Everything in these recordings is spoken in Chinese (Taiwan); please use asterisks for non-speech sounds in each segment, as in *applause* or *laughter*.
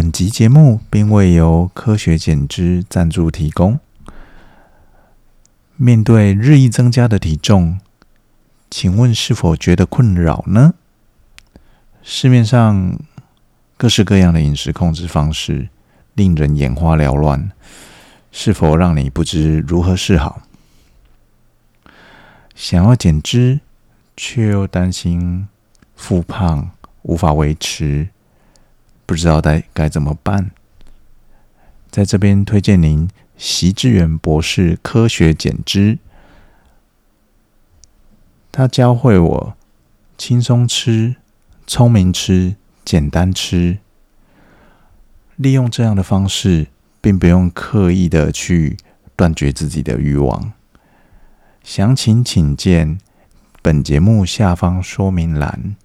本集節目並未由科學減脂贊助提供。面對日益增加的體重，請問是否覺得困擾呢？市面上各式各樣的飲食控制方式令人眼花繚亂，是否讓你不知如何是好？想要減脂，卻又擔心復胖，無法維持。不知道該該怎麼辦，在這邊推薦您眭致遠博士科學減脂，他教會我輕鬆吃、聰明吃、簡單吃，利用這樣的方式，並不用刻意的去斷絕自己的慾望。詳情請見本節目下方說明欄。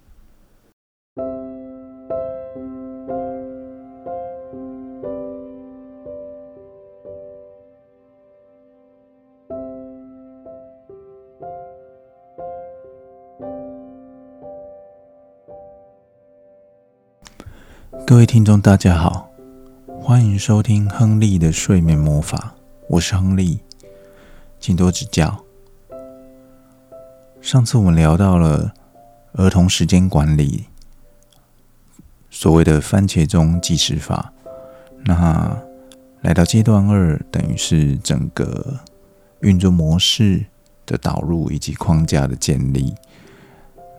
各位聽眾，大家好，歡迎收聽亨利的睡眠魔法，我是亨利，請多指教。上次我們聊到了兒童時間管理，所謂的番茄鐘計時法。那來到階段二，等於是整個運作模式的導入以及框架的建立。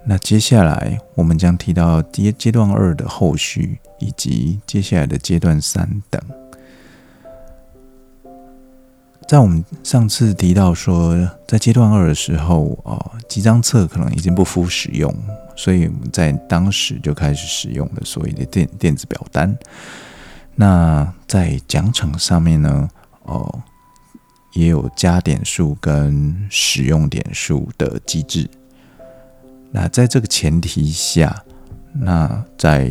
那接下來我們將提到階階段二的後續，以及接下來的階段三等。在我們上次提到說，在階段二的時候，呃、哦，集章冊可能已經不敷使用，所以我們在當時就開始使用了所謂的電電子表單。那在獎懲上面呢，哦，也有加點數跟使用點數的機制。那在這個前提下，那在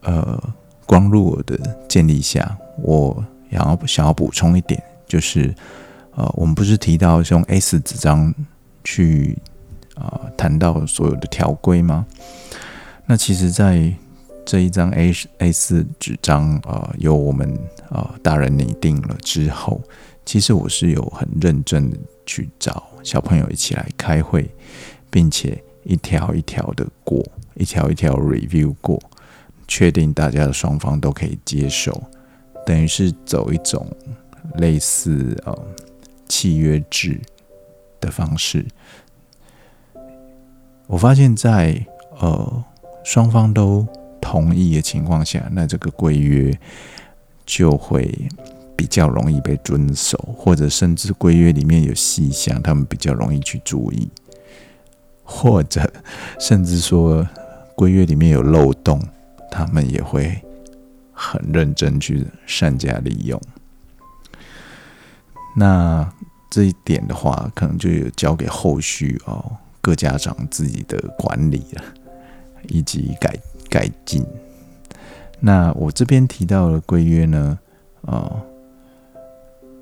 呃光路的建立下，我想要想要補充一點，就是呃，我們不是提到是用 A 四紙張去呃談到所有的條規嗎？那其實，在這一張 A A 四紙張呃由我們呃大人擬定了之後，其實我是有很認真地去找小朋友一起來開會。並且一條一條的過，一條一條 review 過，確定大家的雙方都可以接受，等於是走一種類似呃契約制的方式。我發現在，在呃雙方都同意的情況下，那這個規約就會比較容易被遵守，或者甚至規約裡面有細項，他們比較容易去注意。或者甚至說，規約裡面有漏洞，他們也會很認真去善加利用。那這一點的話，可能就有交給後續哦，各家長自己的管理了，以及改改進。那我這邊提到的規約呢，哦，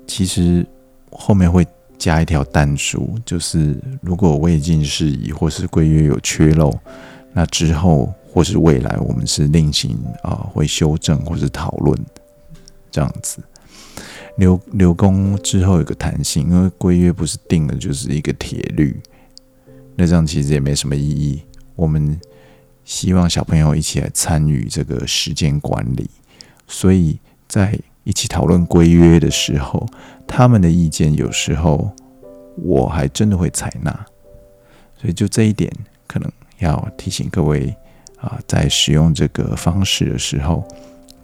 其實後面會。加一條但書，就是如果未盡事宜或是規約有缺漏，那之後或是未來，我們是另行啊、呃、會修正或是討論這樣子。留留空之後有個彈性，因為規約不是定的，就是一個鐵律，那這樣其實也沒什麼意義。我們希望小朋友一起來參與這個時間管理，所以在一起討論規約的時候。他們的意見有時候我還真的會採納，所以就這一點，可能要提醒各位啊，在使用這個方式的時候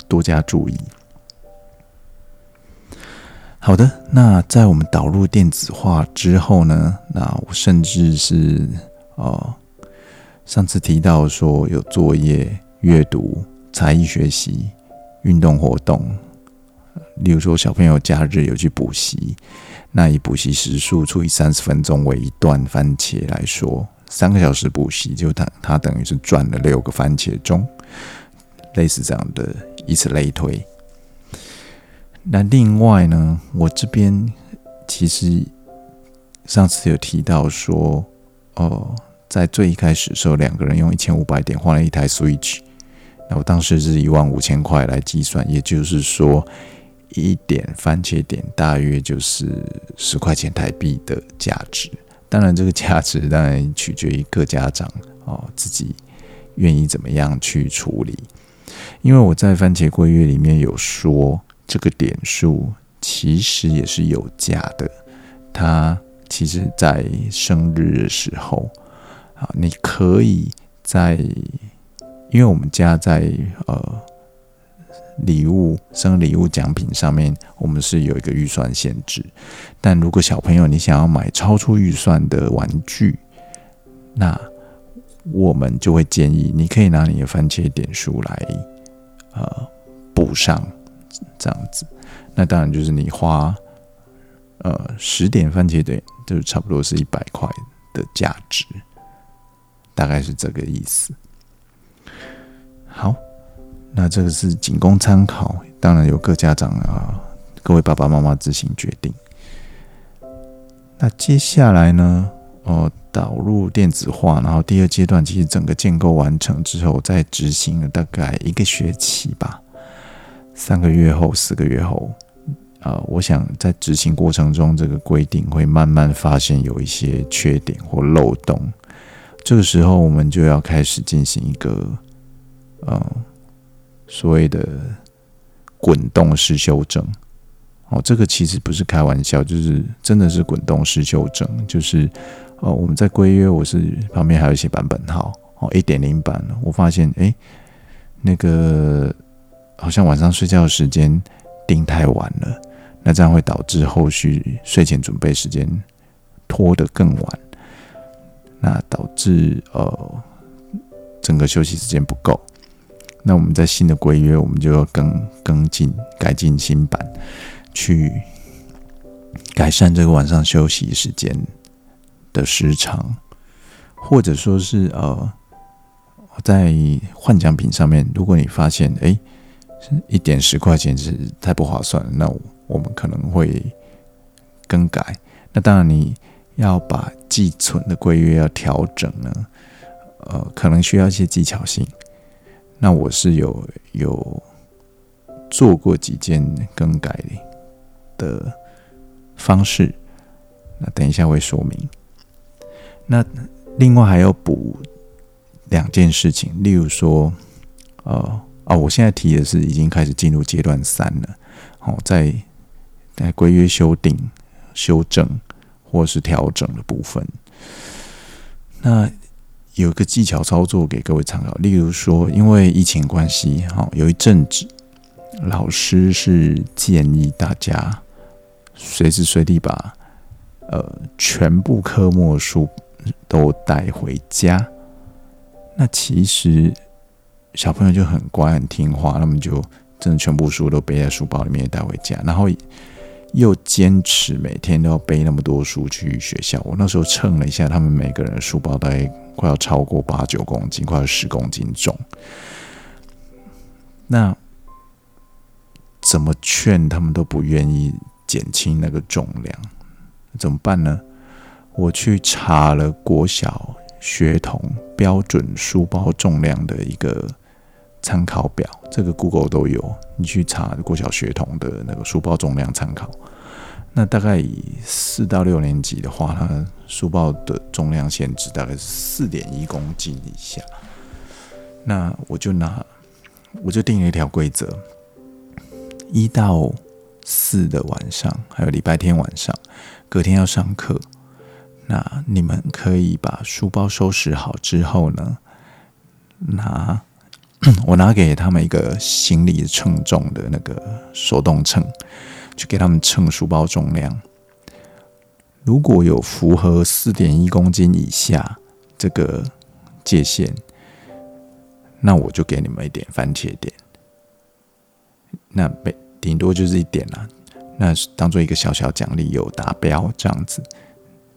多加注意。好的，那在我們導入電子化之後呢，那我甚至是啊、呃，上次提到說有作業、閱讀、才藝學習、運動活動。例如說，小朋友假日有去補習，那以補習時數除以三十分鐘為一段番茄來說，三個小時補習就等他，他等於是賺了六個番茄鐘，類似這樣的，以此類推。那另外呢，我這邊其實上次有提到說，哦，在最一開始的時候，兩個人用一千五百點換了一台 Switch，那我當時是一萬五千塊來計算，也就是說。一點番茄點大約就是十塊錢台幣的價值，當然這個價值當然取決於各家長哦自己願意怎麼樣去處理。因為我在番茄規約裡面有說，這個點數其實也是有價的，它其實，在生日的時候啊，你可以在，因為我們家在呃。禮物、生日禮物、獎品上面，我們是有一個預算限制。但如果小朋友你想要買超出預算的玩具，那我們就會建議你可以拿你的番茄點數來，呃，補上，這樣子。那當然就是你花，呃，十點番茄點，就差不多是一百塊的價值，大概是這個意思。好。那這個是僅供參考，當然由各家長啊、呃，各位爸爸媽媽自行決定。那接下來呢，呃，導入電子化，然後第二階段，其實整個建構完成之後，再執行了大概一個學期吧，三個月後、四個月後，啊、呃，我想在執行過程中，這個規定會慢慢發現有一些缺點或漏洞，這個時候我們就要開始進行一個，嗯、呃。所謂的滾動式修正，哦，這個其實不是開玩笑，就是真的是滾動式修正，就是，呃，我們在規約，我是旁邊還有一些版本號，哦，一點零版，我發現，哎、欸，那個好像晚上睡覺的時間定太晚了，那這樣會導致後續睡前準備時間拖得更晚，那導致呃，整個休息時間不夠。那我們在新的規約，我們就要更、更進、改進新版，去改善這個晚上休息時間的時長，或者說是呃，在換獎品上面，如果你發現哎，一點十塊錢是太不划算了，那我們可能會更改。那當然你要把既存的規約要調整呢，呃，可能需要一些技巧性。那我是有有做過幾件更改的方式，那等一下我會說明。那另外還要補兩件事情，例如說，哦、呃、哦，我現在提的是已經開始進入階段三了，哦，在在規約修訂、修正，或是調整的部分，那。有一個技巧操作給各位參考，例如說，因為疫情關係，有一陣子，老師是建議大家隨時隨地把呃全部科目的書都帶回家。那其實小朋友就很乖很聽話，那麼就真的全部書都背在書包裡面帶回家，然後。又堅持每天都要背那麼多書去學校。我那時候稱了一下，他們每個人的書包大概快要超過八九公斤，快要十公斤重。那怎麼勸他們都不願意減輕那個重量，怎麼辦呢？我去查了國小學童標準書包重量的一個。參考表，這個 Google 都有，你去查國小學童的那個書包重量參考。那大概以四到六年級的話，它書包的重量限制大概是四點一公斤以下。那我就拿，我就定了一條規則：一到四的晚上，還有禮拜天晚上，隔天要上課，那你們可以把書包收拾好之後呢，拿。我拿給他們一個行李稱重的那個手動秤，去給他們稱書包重量。如果有符合四點一公斤以下這個界限，那我就給你們一點番茄點。那每頂多就是一點啦，啊，那當做一個小小獎勵，有達標這樣子。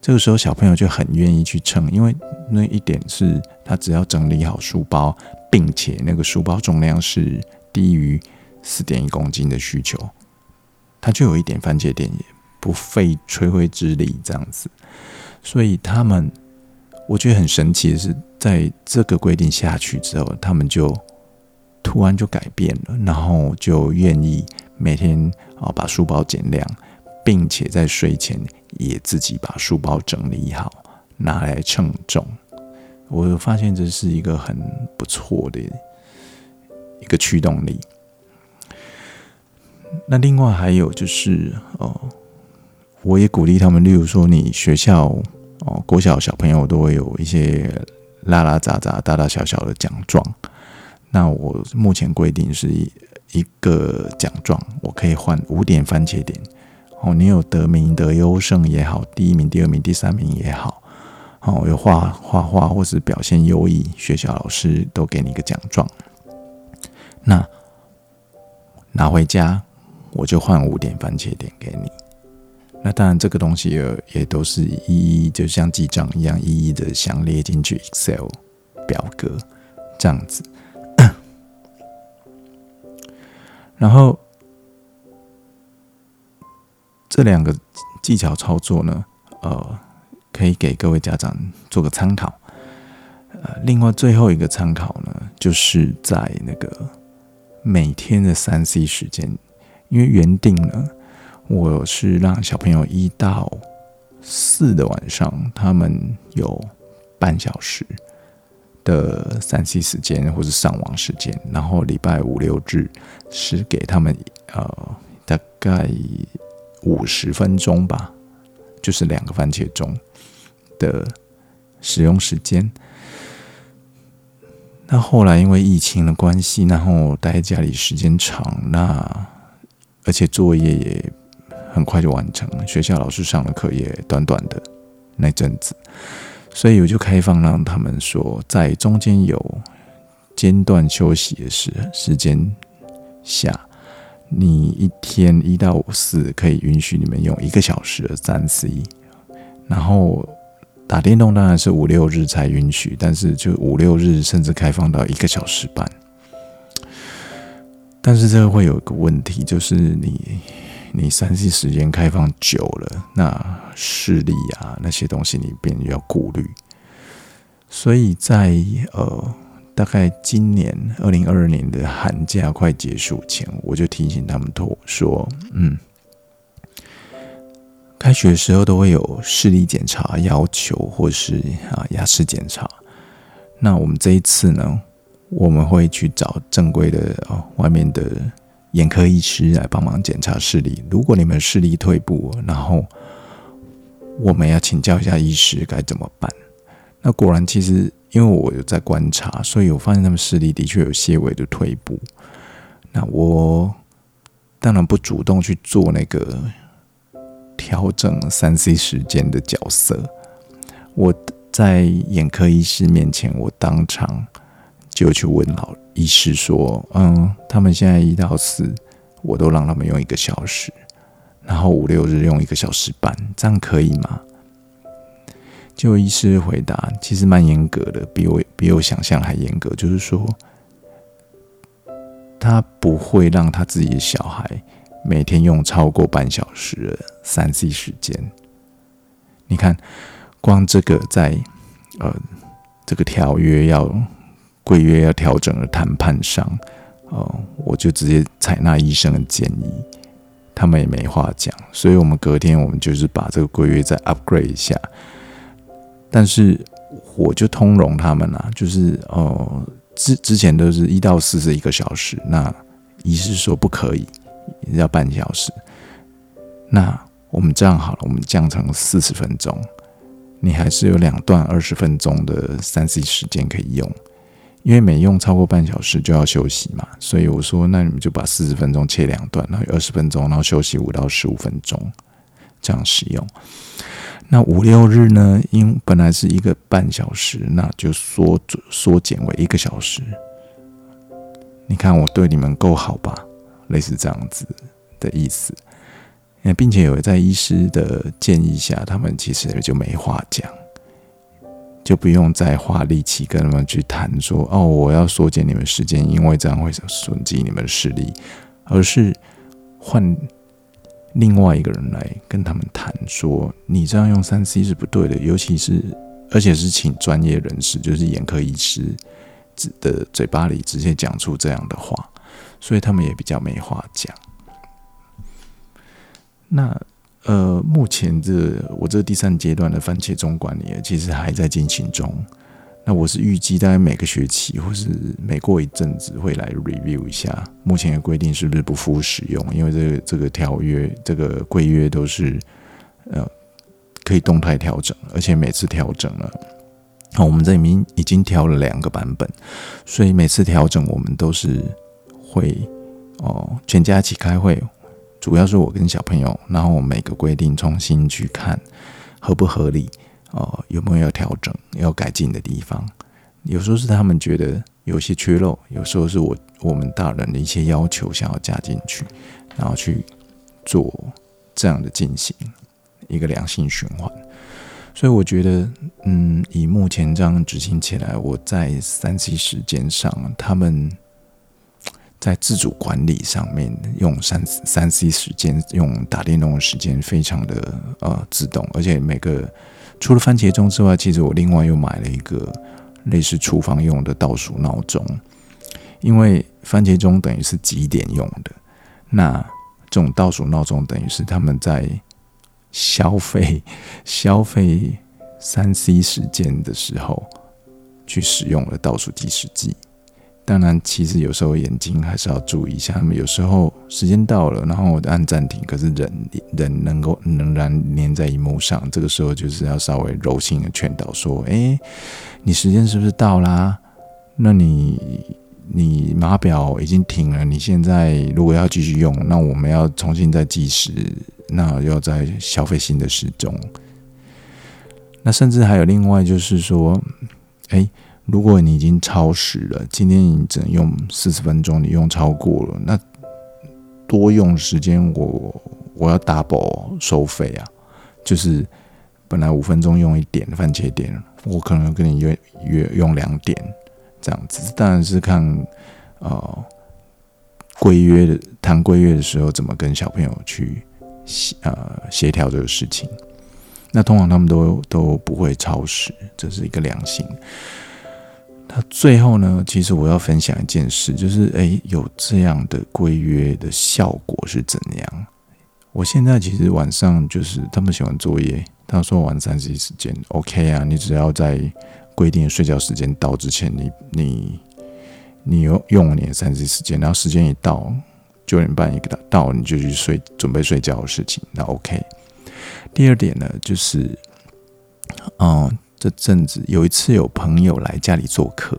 這個時候小朋友就很願意去稱，因為那一點是他只要整理好書包。並且那個書包重量是低於四點一公斤的需求，它就有一點番茄點，也不費吹灰之力這樣子。所以他們，我覺得很神奇的是，在這個規定下去之後，他們就突然就改變了，然後就願意每天啊把書包減量，並且在睡前也自己把書包整理好，拿來稱重。我發現這是一個很不錯的一個驅動力。那另外還有就是，哦，我也鼓勵他們。例如說，你學校哦，國小小朋友都會有一些拉拉雜雜、大大小小的獎狀。那我目前規定是一一個獎狀，我可以換五點番茄點。哦，你有得名、得優勝也好，第一名、第二名、第三名也好。哦，有畫畫畫，或是表現優異，學校老師都給你一個獎狀。那拿回家，我就換五點番茄點給你。那當然，這個東西也也都是一一一，就像記賬一樣，一一的詳列進去 Excel 表格這樣子。 *coughs* 然後這兩個技巧操作呢，呃。可以給各位家長做個參考。呃，另外最後一個參考呢，就是在那個每天的三 C 時間，因為原定呢，我是讓小朋友一到四的晚上，他們有半小時的三 C 時間或是上網時間，然後禮拜五六日是給他們呃大概五十分鐘吧，就是兩個番茄鐘。的使用時間，那後來因為疫情的關係，然後待在家裡時間長，那而且作業也很快就完成了，學校老師上的課也短短的那陣子，所以我就開放讓他們說，在中間有間斷休息的時時間下，你一天一到五四可以允許你們用一個小時的三 C，然後。打電動當然是五六日才允許，但是就五六日甚至開放到一個小時半。但是這個會有一個問題，就是你你三 C 時間開放久了，那視力啊那些東西你便要顧慮。所以在呃大概今年二零二二年的寒假快結束前，我就提醒他們說，嗯。開學的時候都會有視力檢查要求，或是啊牙齒檢查。那我們這一次呢，我們會去找正規的、哦、外面的眼科醫師來幫忙檢查視力。如果你們視力退步，然後我們要請教一下醫師該怎麼辦。那果然，其實因為我有在觀察，所以我發現他們視力的確有些微的退步。那我當然不主動去做那個。調整 3C 時間的角色，我在眼科醫師面前，我當場就去問老醫師說：“嗯，他們現在一到四，我都讓他們用一個小時，然後五六日用一個小時半，這樣可以嗎？”就醫師回答，其實蠻嚴格的，比我比我想象還嚴格，就是說他不會讓他自己的小孩。每天用超過半小時的三 C 時間，你看，光這個在呃這個條約要規約要調整的談判上，哦，我就直接採納醫生的建議，他們也沒話講，所以我們隔天我們就是把這個規約再 upgrade 一下，但是我就通融他們啦、啊，就是哦、呃、之之前都是一到四十一個小時，那醫師說不可以。要半小時，那我們這樣好了，我們降成四十分鐘，你還是有兩段二十分鐘的三 C 時間可以用，因為每用超過半小時就要休息嘛，所以我說那你們就把四十分鐘切兩段，然後有二十分鐘，然後休息五到十五分鐘，這樣使用。那五六日呢？因本來是一個半小時，那就縮縮減為一個小時。你看我對你們夠好吧？類似這樣子的意思，呃、啊，並且有在醫師的建議下，他們其實也就沒話講，就不用再花力氣跟他們去談說哦，我要縮減你們時間，因為這樣會損損及你們的視力，而是換另外一個人來跟他們談說，你這樣用三 C 是不對的，尤其是而且是請專業人士，就是眼科醫師，的嘴巴裡直接講出這樣的話。所以他們也比較沒話講。那呃，目前這個、我這第三階段的番茄鐘管理其實還在進行中。那我是預計大概每個學期或是每過一陣子會來 review 一下目前的規定是不是不敷使用，因為這個、這個條約、這個規約都是呃可以動態調整，而且每次調整了、啊，那、哦、我們這裡面已經調了兩個版本，所以每次調整我們都是。會哦，全家一起開會，主要是我跟小朋友，然後我每個規定重新去看合不合理，哦，有沒有要調整、要改進的地方。有時候是他們覺得有些缺漏，有時候是我我們大人的一些要求想要加進去，然後去做這樣的進行一個良性循環。所以我覺得，嗯，以目前這樣執行起來，我在 3C 時間上他們。在自主管理上面，用三三 C 時間，用打電動的時間，非常的呃自動，而且每個除了番茄鐘之外，其實我另外又買了一個類似廚房用的倒數鬧鐘，因為番茄鐘等於是集點用的，那這種倒數鬧鐘等於是他們在消費消費三 C 時間的時候去使用了倒數計時器。當然，其實有時候眼睛還是要注意一下。有時候時間到了，然後我就按暫停，可是人人能夠仍然粘在熒幕上。這個時候就是要稍微柔性的勸導，說：“哎、欸，你時間是不是到啦？那你你碼錶已經停了，你現在如果要繼續用，那我們要重新再計時，那要再消費新的時鐘。那甚至還有另外就是說，哎、欸。”如果你已經超時了，今天你只能用四十分鐘，你用超過了，那多用時間我我要 double 收費啊！就是本來五分鐘用一點，番茄點，我可能跟你約約用兩點這樣子。當然是看呃規約的談規約的時候，怎麼跟小朋友去協呃協調這個事情。那通常他們都都不會超時，這是一個良心。那最後呢？其實我要分享一件事，就是誒、欸，有這樣的規約的效果是怎樣？我現在其實晚上就是他們寫完作業，他說我玩 3C 時間，OK 啊，你只要在規定睡覺時間到之前，你你你有用你的 3C 時間，然後時間一到九點半一個到，你就去睡準備睡覺的事情，那 OK。第二點呢，就是，嗯、呃。這陣子有一次有朋友來家裡做客，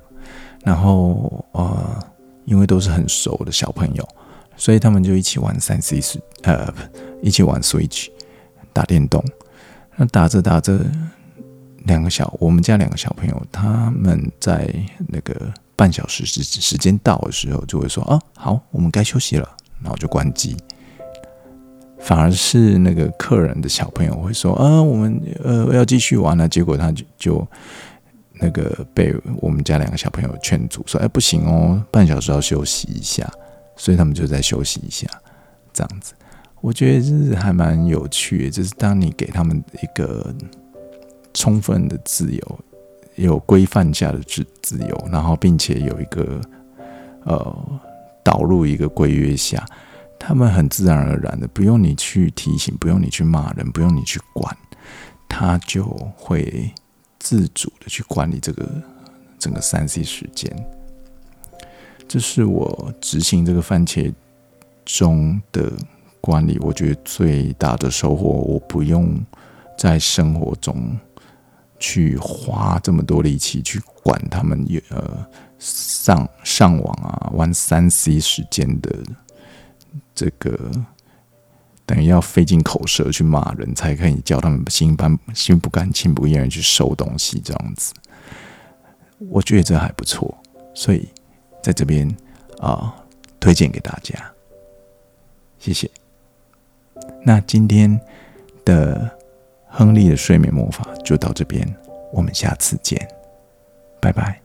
然後呃，因為都是很熟的小朋友，所以他們就一起玩 3C，呃，一起玩 Switch 打電動。那打着打着，兩個小我們家兩個小朋友，他們在那個半小時時時間到的時候，就會說：“啊，好，我們該休息了。”然後就關機。反而是那個客人的小朋友會說：“呃、啊，我們呃要繼續玩了、啊。”結果他就就那個被我們家兩個小朋友勸阻，說：“哎，不行哦，半小時要休息一下。”所以他們就再休息一下，這樣子。我覺得這是還蠻有趣的，就是當你給他們一個充分的自由，有規範下的自自由，然後並且有一個呃導入一個規約下。他們很自然而然的，不用你去提醒，不用你去罵人，不用你去管，他就會自主的去管理這個整個三 C 時間。這是我執行這個番茄鐘的管理，我覺得最大的收穫，我不用在生活中去花這麼多力氣去管他們，呃，上上網啊，玩三 C 時間的。這個等於要費盡口舌去罵人才可以叫他們心不甘心不甘情不願意去收東西，這樣子，我覺得這還不錯，所以在這邊啊、哦、推薦給大家，謝謝。那今天的亨利的睡眠魔法就到這邊，我們下次見，拜拜。